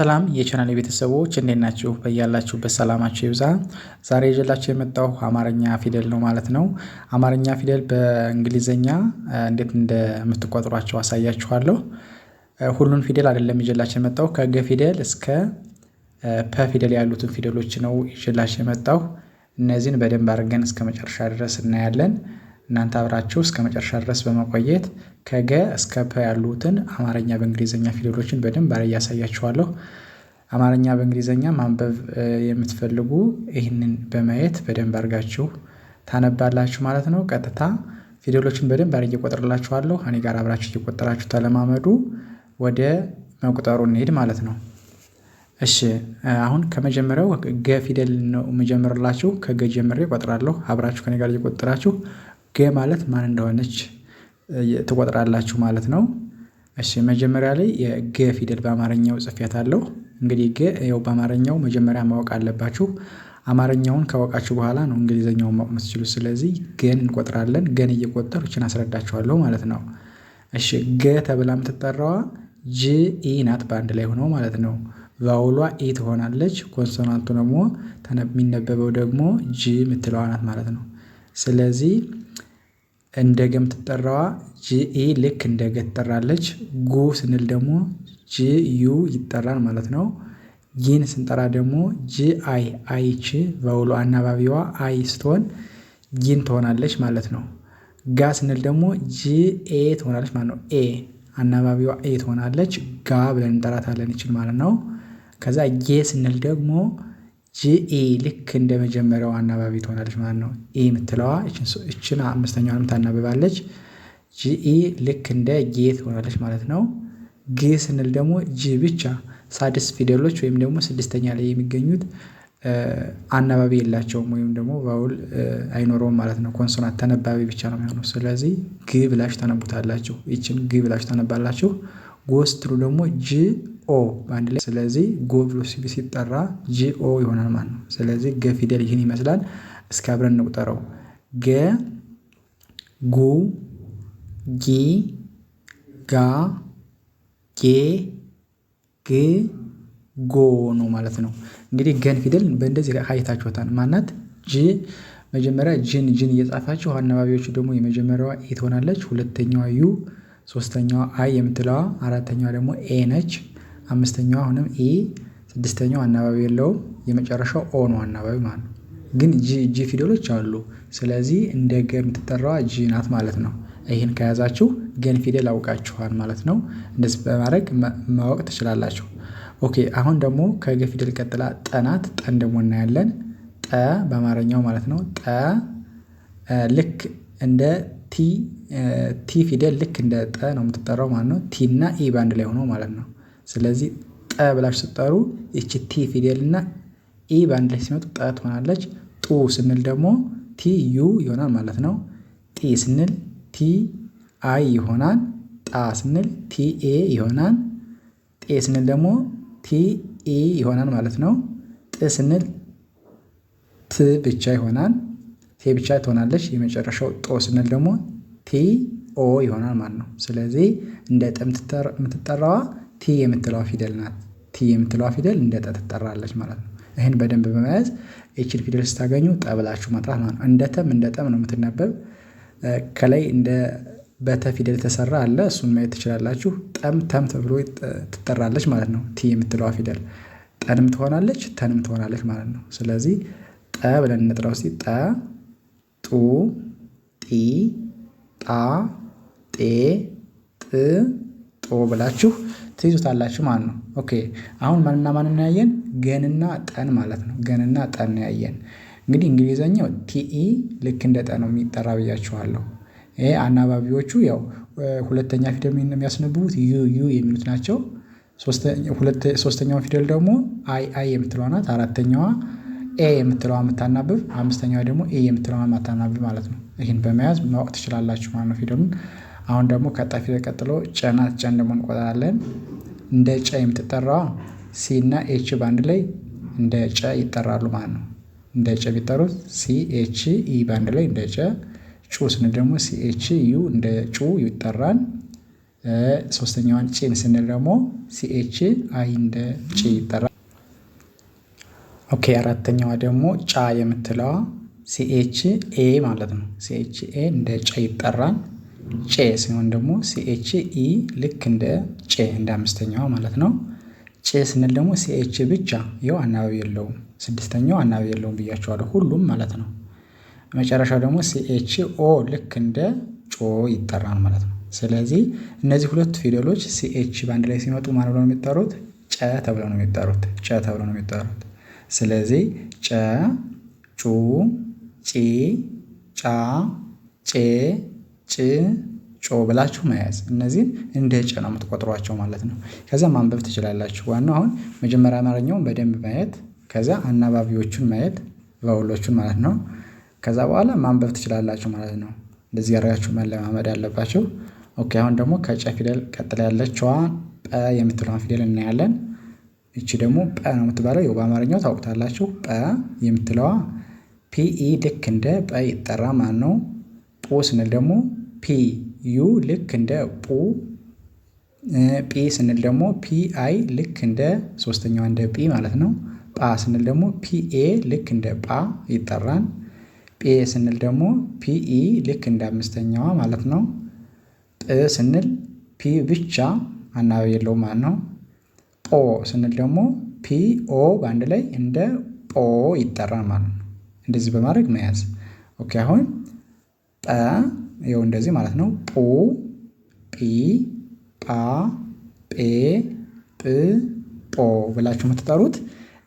ሰላም የቻናል ቤተሰቦች እንዴት ናችሁ? በያላችሁበት ሰላማችሁ ይብዛ። ዛሬ ይዤላችሁ የመጣው አማርኛ ፊደል ነው ማለት ነው። አማርኛ ፊደል በእንግሊዘኛ እንዴት እንደምትቆጥሯቸው አሳያችኋለሁ። ሁሉን ፊደል አይደለም ይዤላችሁ የመጣው ከገ ፊደል እስከ ፐ ፊደል ያሉትን ፊደሎች ነው ይዤላችሁ የመጣው። እነዚህን በደንብ አድርገን እስከ መጨረሻ ድረስ እናያለን። እናንተ አብራችሁ እስከ መጨረሻ ድረስ በመቆየት ከገ እስከ ፐ ያሉትን አማርኛ በእንግሊዝኛ ፊደሎችን በደንብ አረ እያሳያችኋለሁ። አማርኛ በእንግሊዝኛ ማንበብ የምትፈልጉ ይህንን በማየት በደንብ አርጋችሁ ታነባላችሁ ማለት ነው። ቀጥታ ፊደሎችን በደንብ አድርጌ እቆጥርላችኋለሁ። እኔ ጋር አብራችሁ እየቆጠራችሁ ተለማመዱ። ወደ መቁጠሩ እንሄድ ማለት ነው። እሺ አሁን ከመጀመሪያው ገ ፊደል ነው የምጀምርላችሁ። ከገ ጀምሬ እቆጥራለሁ። አብራችሁ ከኔ ጋር እየቆጠራችሁ ገ ማለት ማን እንደሆነች ትቆጥራላችሁ ማለት ነው። እሺ መጀመሪያ ላይ የገ ፊደል በአማርኛው አለው። እንግዲህ ገ ያው በአማርኛው መጀመሪያ ማወቅ አለባችሁ። አማርኛውን ካወቃችሁ በኋላ ነው እንግሊዘኛውን ማወቅ የምትችሉት። ስለዚህ ገን እንቆጥራለን። ገን እየቆጠሩ ችን አስረዳችኋለሁ ማለት ነው። እሺ ገ ተብላ የምትጠራዋ ጅ ኢ ናት በአንድ ላይ ሆኖ ማለት ነው። ቫውሏ ኢ ትሆናለች። ኮንሶናንቱ ደግሞ የሚነበበው ደግሞ ጅ የምትለዋ ናት ማለት ነው። ስለዚህ እንደገ ገ የምትጠራዋ ጂኢ ልክ እንደገ ትጠራለች። ጉ ስንል ደግሞ ጂዩ ይጠራል ማለት ነው። ጊን ስንጠራ ደግሞ ጂአይ አይች በውሎ አናባቢዋ አይ ስትሆን ጊን ትሆናለች ማለት ነው። ጋ ስንል ደግሞ ጂኤ ትሆናለች ማለት ነው። ኤ አናባቢዋ ኤ ትሆናለች። ጋ ብለን እንጠራታለን ይችል ማለት ነው። ከዛ ጌ ስንል ደግሞ ጂኤ ልክ እንደ መጀመሪያው አናባቢ ትሆናለች ማለት ነው። ኤ የምትለዋ እችን አምስተኛዋንም ታናብባለች። ጂኤ ልክ እንደ ጌ ትሆናለች ማለት ነው። ግ ስንል ደግሞ ጂ ብቻ ሳድስት ፊደሎች ወይም ደግሞ ስድስተኛ ላይ የሚገኙት አናባቢ የላቸውም ወይም ደግሞ ቫውል አይኖረውም ማለት ነው። ኮንሶናት ተነባቢ ብቻ ነው የሚሆነው። ስለዚህ ግ ብላችሁ ታነቡታላችሁ። ይችን ግ ብላችሁ ታነባላችሁ። ጎ ስትሉ ደግሞ ጅ ኦ በአንድ ላይ ስለዚህ ጎ ብሎ ሲጠራ ጂኦ ይሆናል ማለት ነው። ስለዚህ ገ ፊደል ይህን ይመስላል። እስኪ አብረን እንቁጠረው። ገ ጉ ጊ ጋ ጌ ግ ጎ ነው ማለት ነው። እንግዲህ ገን ፊደል በእንደዚህ አይታችኋታል። ማናት ጂ መጀመሪያ ጅን ጅን እየጻፋችሁ አናባቢዎቹ ደግሞ የመጀመሪያዋ ኤ ትሆናለች፣ ሁለተኛዋ ዩ፣ ሶስተኛዋ አይ የምትለዋ፣ አራተኛዋ ደግሞ ኤ ነች። አምስተኛው አሁንም ኤ ስድስተኛው አናባቢ የለውም የመጨረሻው ኦ ነው አናባቢ ማለት ነው። ግን ጂ ጂ ፊደሎች አሉ ስለዚህ እንደ ገ የምትጠራዋ ጂ ናት ማለት ነው። ይህን ከያዛችሁ ገን ፊደል አውቃችኋል ማለት ነው። እንደዚህ በማድረግ ማወቅ ትችላላችሁ። ኦኬ አሁን ደግሞ ከገ ፊደል ቀጥላ ጠ ናት ጠን ደግሞ እናያለን ጠ በአማርኛው ማለት ነው ጠ ልክ እንደ ቲ ቲ ፊደል ልክ እንደ ጠ ነው የምትጠራው ማለት ነው። ቲ እና ኢ በአንድ ላይ ሆኖ ማለት ነው ስለዚህ ጠ ብላችሁ ስጠሩ ይቺ ቲ ፊደል እና ኢ በአንድ ላይ ሲመጡ ጠ ትሆናለች። ጡ ስንል ደግሞ ቲ ዩ ይሆናል ማለት ነው። ጢ ስንል ቲ አይ ይሆናል። ጣ ስንል ቲ ኤ ይሆናል። ጤ ስንል ደግሞ ቲ ኤ ይሆናል ማለት ነው። ጥ ስንል ት ብቻ ይሆናል። ቴ ብቻ ትሆናለች። የመጨረሻው ጦ ስንል ደግሞ ቲ ኦ ይሆናል ማለት ነው። ስለዚህ እንደ ጥ የምትጠራዋ ቲ የምትለዋ ፊደል ናት ቲ የምትለዋ ፊደል እንደ ጠ ትጠራለች ማለት ነው። ይህን በደንብ በመያዝ ኤችን ፊደል ስታገኙ ጠ ብላችሁ ማጥራት ማለት ነው። እንደ ተም እንደ ጠም ነው የምትነበብ። ከላይ እንደ በተ ፊደል የተሰራ አለ እሱን ማየት ትችላላችሁ። ጠም ተም ተብሎ ትጠራለች ማለት ነው። ቲ የምትለዋ ፊደል ጠንም ትሆናለች ተንም ትሆናለች ማለት ነው። ስለዚህ ጠ ብለን እንጥራው ሲ ጠ ጡ ጢ ጣ ጤ ጥ ጦ ብላችሁ ትይዙታላችሁ ማለት ነው። ኦኬ አሁን ማንና ማንን ያየን ገንና ጠን ማለት ነው ገንና ጠን ነው ያየን። እንግዲህ እንግሊዘኛው ቲኢ ልክ እንደ ጠ ነው የሚጠራ ብያችኋለሁ። ይሄ አናባቢዎቹ ያው ሁለተኛ ፊደል የሚያስነብቡት ዩ ዩ የሚሉት ናቸው። ሶስተኛው ፊደል ደግሞ አይ አይ የምትለዋ ናት። አራተኛዋ ኤ የምትለዋ የምታናብብ አምስተኛዋ ደግሞ ኤ የምትለዋ የማታናብብ ማለት ነው። ይህን በመያዝ ማወቅ ትችላላችሁ ማለት ነው። ፊደሉን አሁን ደግሞ ከጠፊ ቀጥሎ ጨናት ጨን ደግሞ እንቆጥራለን። እንደ ጨ የምትጠራዋ ሲ እና ኤች በአንድ ላይ እንደ ጨ ይጠራሉ ማለት ነው። እንደ ጨ ቢጠሩት ሲ ኤች ኢ በአንድ ላይ እንደ ጨ፣ ጩ ስንል ደግሞ ሲ ኤች ዩ እንደ ጩ ይጠራል። ሶስተኛዋን ጪን ስንል ደግሞ ሲ ኤች አይ እንደ ጪ ይጠራል። ኦኬ አራተኛዋ ደግሞ ጫ የምትለዋ ሲ ኤች ኤ ማለት ነው። ሲ ኤች ኤ እንደ ጨ ይጠራል። ጬ ሲሆን ደግሞ ሲኤች ኢ ልክ እንደ ጬ እንደ አምስተኛዋ ማለት ነው። ጬ ስንል ደግሞ ሲኤች ብቻ ይኸው አናባቢ የለውም። ስድስተኛው አናባቢ የለውም ብያቸዋለሁ ሁሉም ማለት ነው። መጨረሻው ደግሞ ሲኤች ኦ ልክ እንደ ጮ ይጠራል ማለት ነው። ስለዚህ እነዚህ ሁለቱ ፊደሎች ሲኤች በአንድ ላይ ሲመጡ ማን ብለው ነው የሚጠሩት? ጨ ተብለው ነው የሚጠሩት። ጨ ተብለው ነው የሚጠሩት። ስለዚህ ጨ፣ ጩ፣ ጪ፣ ጫ፣ ጬ ጭ ጮ ብላችሁ መያዝ እነዚህን እንደ ጭ ነው የምትቆጥሯቸው ማለት ነው። ከዛ ማንበብ ትችላላችሁ። ዋናው አሁን መጀመሪያ አማርኛውን በደንብ ማየት ከዚያ አናባቢዎቹን ማየት ቫውሎቹን ማለት ነው። ከዛ በኋላ ማንበብ ትችላላችሁ ማለት ነው። እንደዚህ አድርጋችሁ መለማመድ ያለባችሁ። ኦኬ አሁን ደግሞ ከጨ ፊደል ቀጥላ ያለችዋ ጰ የምትለዋን ፊደል እናያለን። እቺ ደግሞ ጰ ነው የምትባለው። ያው በአማርኛው ታውቁታላችሁ። ጰ የምትለዋ ፒኢ ልክ እንደ ጰ ይጠራ ማን ነው። ጶ ስንል ደግሞ ፒ ዩ ልክ እንደ ፑ ጲ ስንል ደግሞ ፒ አይ ልክ እንደ ሶስተኛዋ እንደ ፒ ማለት ነው። ጳ ስንል ደግሞ ፒ ኤ ልክ እንደ ጳ ይጠራል። ጴ ስንል ደግሞ ፒ ኢ ልክ እንደ አምስተኛዋ ማለት ነው። ጵ ስንል ፒ ብቻ አናባቢ የለውም ማለት ነው። ጶ ስንል ደግሞ ፒ ኦ በአንድ ላይ እንደ ጶ ይጠራል ማለት ነው። እንደዚህ በማድረግ መያዝ ኦኬ። አሁን ጠ ይኸው እንደዚህ ማለት ነው። ፑ ጲ ጳ ጴ ጵ ጶ ብላችሁ የምትጠሩት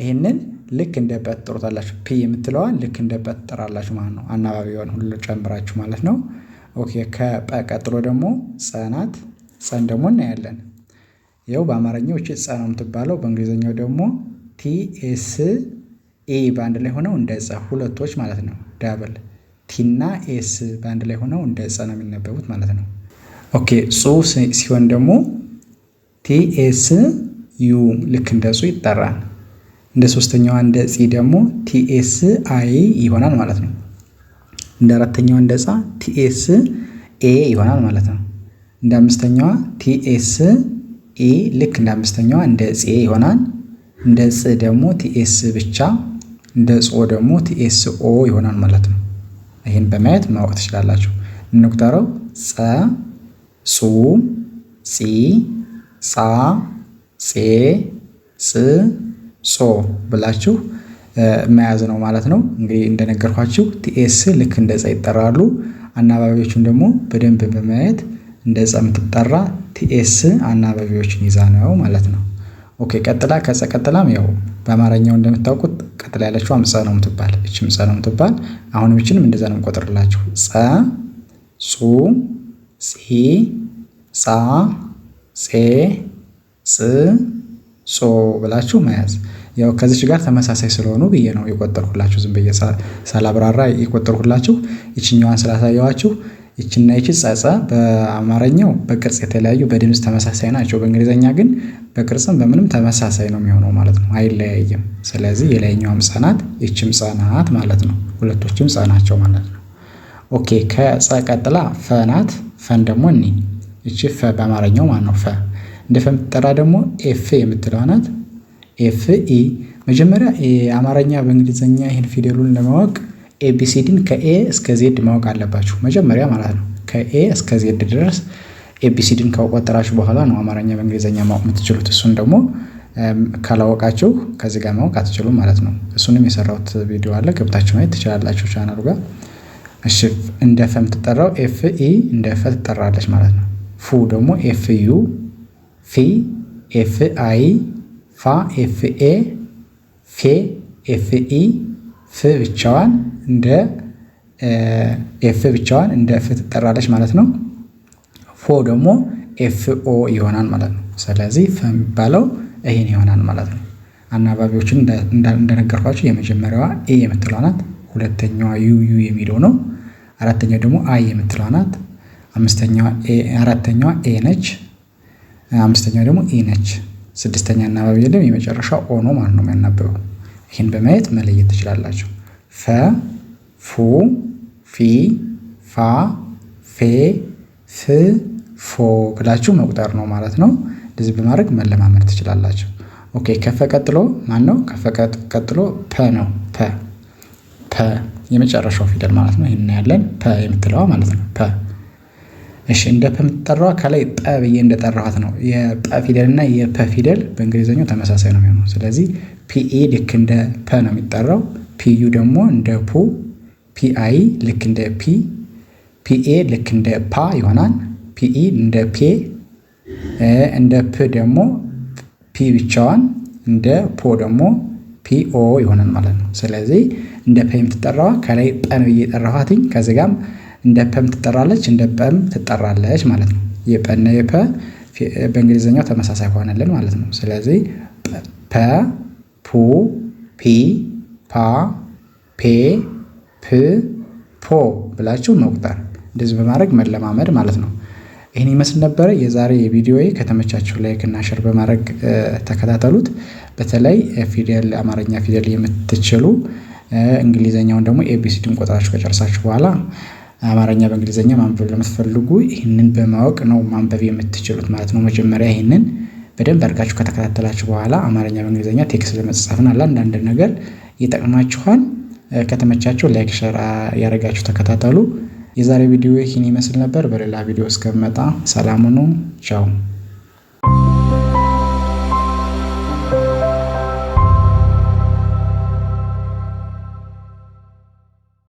ይህንን ልክ እንደ ጰ ትጠሩታላችሁ። ፒ የምትለዋን ልክ እንደ ጰ ትጠራላችሁ ማለት ነው። አናባቢዋን ሁሉ ጨምራችሁ ማለት ነው። ኦኬ ከጰ ቀጥሎ ደግሞ ጸናት ጸን ደግሞ እናያለን። ይኸው በአማርኛው እቺ ጸ ነው የምትባለው። በእንግሊዝኛው ደግሞ ቲኤስ ኤ በአንድ ላይ ሆነው እንደ ጸ ሁለቶች ማለት ነው ዳብል ቲና ኤስ በአንድ ላይ ሆነው እንደ ጸ ነው የሚነበቡት ማለት ነው። ኦኬ ጹ ሲሆን ደግሞ ቲ ኤስ ዩ ልክ እንደ ጹ ይጠራል። እንደ ሶስተኛዋ እንደ ጺ ደግሞ ቲኤስ አይ ይሆናል ማለት ነው። እንደ አራተኛዋ እንደ ጻ ቲኤስ ኤ ይሆናል ማለት ነው። እንደ አምስተኛዋ ቲኤስ ኤ ልክ እንደ አምስተኛዋ እንደ ጼ ይሆናል። እንደ ጽ ደግሞ ቲኤስ ብቻ፣ እንደ ጾ ደግሞ ቲኤስ ኦ ይሆናል ማለት ነው። ይህን በማየት ማወቅ ትችላላችሁ። እንቁጠረው ፀ ሱ ፂ ፃ ፄ ፅ ሶ ብላችሁ መያዝ ነው ማለት ነው። እንግዲህ እንደነገርኳችሁ ቲኤስ ልክ እንደ ፀ ይጠራሉ። አናባቢዎቹን ደግሞ በደንብ በማየት እንደ ፀ የምትጠራ ቲኤስ አናባቢዎችን ይዛ ነው ማለት ነው። ኦኬ ቀጥላ ከፀ ቀጥላም ያው በአማርኛው እንደምታውቁት ቀጥላ ያለችው ምፀ ነው የምትባል እች ምፀ ነው የምትባል አሁንም እችንም እንደዛ ነው የምቆጥርላችሁ ፀ ጹ ጺ ጻ ጼ ጽ ጾ ብላችሁ መያዝ ያው ከዚች ጋር ተመሳሳይ ስለሆኑ ብዬ ነው የቆጠርኩላችሁ። ዝም ብዬ ሳላብራራ የቆጠርኩላችሁ ይችኛዋን ስላሳየዋችሁ ይችና ይቺ ጸጸ በአማርኛው በቅርጽ የተለያዩ በድምፅ ተመሳሳይ ናቸው። በእንግሊዘኛ ግን በቅርጽም በምንም ተመሳሳይ ነው የሚሆነው ማለት ነው፣ አይለያይም። ስለዚህ የላይኛው ጸ ይችም ጸ ማለት ነው። ሁለቶችም ጸ ማለት ነው። ኦኬ ከጸ ቀጥላ ፈ ናት። ፈን ደግሞ እኒ ይቺ ፈ በአማርኛው ማን ነው ፈ እንደ ፈ የምትጠራ ደግሞ ኤፍ የምትለው ናት። ኤፍ ኢ መጀመሪያ የአማርኛ በእንግሊዘኛ ይህን ፊደሉን ለማወቅ ኤቢሲዲን ከኤ እስከ ዜድ ማወቅ አለባችሁ መጀመሪያ ማለት ነው። ከኤ እስከ ዜድ ድረስ ኤቢሲዲን ከቆጠራችሁ በኋላ ነው አማርኛ በእንግሊዝኛ ማወቅ የምትችሉት። እሱን ደግሞ ካላወቃችሁ ከዚህ ጋር ማወቅ አትችሉም ማለት ነው። እሱንም የሰራሁት ቪዲዮ አለ ገብታችሁ ማየት ትችላላችሁ ቻናሉ ጋር። እሺ እንደ ፈ የምትጠራው ኤፍ ኢ እንደ ፈ ትጠራለች ማለት ነው። ፉ ደግሞ ኤፍ ዩ፣ ፊ ኤፍ አይ፣ ፋ ኤፍ ኤ፣ ፌ ኤፍ ኢ፣ ፍ ብቻዋን እንደ ኤፍ ብቻዋን እንደ ኤፍ ትጠራለች ማለት ነው። ፎ ደግሞ ኤፍ ኦ ይሆናል ማለት ነው። ስለዚህ ፈ የሚባለው ይሄን ይሆናል ማለት ነው። አናባቢዎችን እንደነገርኳቸው የመጀመሪያዋ ኤ የምትለዋ ናት። ሁለተኛዋ ዩ ዩ የሚለው ነው። አራተኛው ደግሞ አይ የምትለዋ ናት። ኤ አራተኛዋ ኤ ነች። አምስተኛው ደግሞ ኢ ነች። ስድስተኛ አናባቢ የለም። የመጨረሻ ኦ ነው ማለት ነው የሚያናበበው። ይህን በማየት መለየት ትችላላችሁ። ፈ ፉ ፊ ፋ ፌ ፍ ፎ ብላችሁ መቁጠር ነው ማለት ነው። እንደዚህ በማድረግ መለማመድ ትችላላችሁ። ኦኬ ከፈ ቀጥሎ ማን ነው? ከፈ ቀጥሎ ፐ ነው። ፐ ፐ የመጨረሻው ፊደል ማለት ነው። ይህን ያለን ፐ የምትለዋ ማለት ነው። ፐ እሺ፣ እንደ ፐ የምትጠራዋ ከላይ ጠ ብዬ እንደጠራኋት ነው። የጠ ፊደል እና የፐ ፊደል በእንግሊዝኛው ተመሳሳይ ነው የሚሆነው። ስለዚህ ፒኢ ልክ እንደ ፐ ነው የሚጠራው። ፒዩ ደግሞ እንደ ፑ ፒአይ ልክ እንደ ፒ፣ ፒኤ ልክ እንደ ፓ ይሆናል። ፒኢ እንደ ፔ፣ እንደ ፕ ደግሞ ፒ ብቻዋን፣ እንደ ፖ ደግሞ ፒኦ ይሆናል ማለት ነው። ስለዚህ እንደ ፐ የምትጠራዋ ከላይ ጠን ብዬ ጠራኋትኝ፣ ከዚህ ጋም እንደ ፐም ትጠራለች፣ እንደ ፐም ትጠራለች ማለት ነው። የፐና የፐ በእንግሊዝኛው ተመሳሳይ ሆነልን ማለት ነው። ስለዚህ ፐ፣ ፑ፣ ፒ፣ ፓ፣ ፔ ፕ ፖ ብላችሁ መቁጠር እንደዚህ በማድረግ መለማመድ ማለት ነው። ይህን ይመስል ነበረ የዛሬ የቪዲዮ ከተመቻችሁ ላይክ እና ሸር በማድረግ ተከታተሉት። በተለይ ፊደል አማርኛ ፊደል የምትችሉ እንግሊዘኛውን ደግሞ ኤቢሲዲን ቆጥራችሁ ከጨርሳችሁ በኋላ አማርኛ በእንግሊዘኛ ማንበብ ለምትፈልጉ ይህንን በማወቅ ነው ማንበብ የምትችሉት ማለት ነው። መጀመሪያ ይህንን በደንብ አድርጋችሁ ከተከታተላችሁ በኋላ አማርኛ በእንግሊዘኛ ቴክስት ለመጻፍና ለአንዳንድ ነገር ይጠቅማችኋል። ከተመቻቸው ላይክ ሸር ያደረጋችሁ ተከታተሉ። የዛሬ ቪዲዮ ይህን ይመስል ነበር። በሌላ ቪዲዮ እስከመጣ ሰላም ሁኑ። ቻው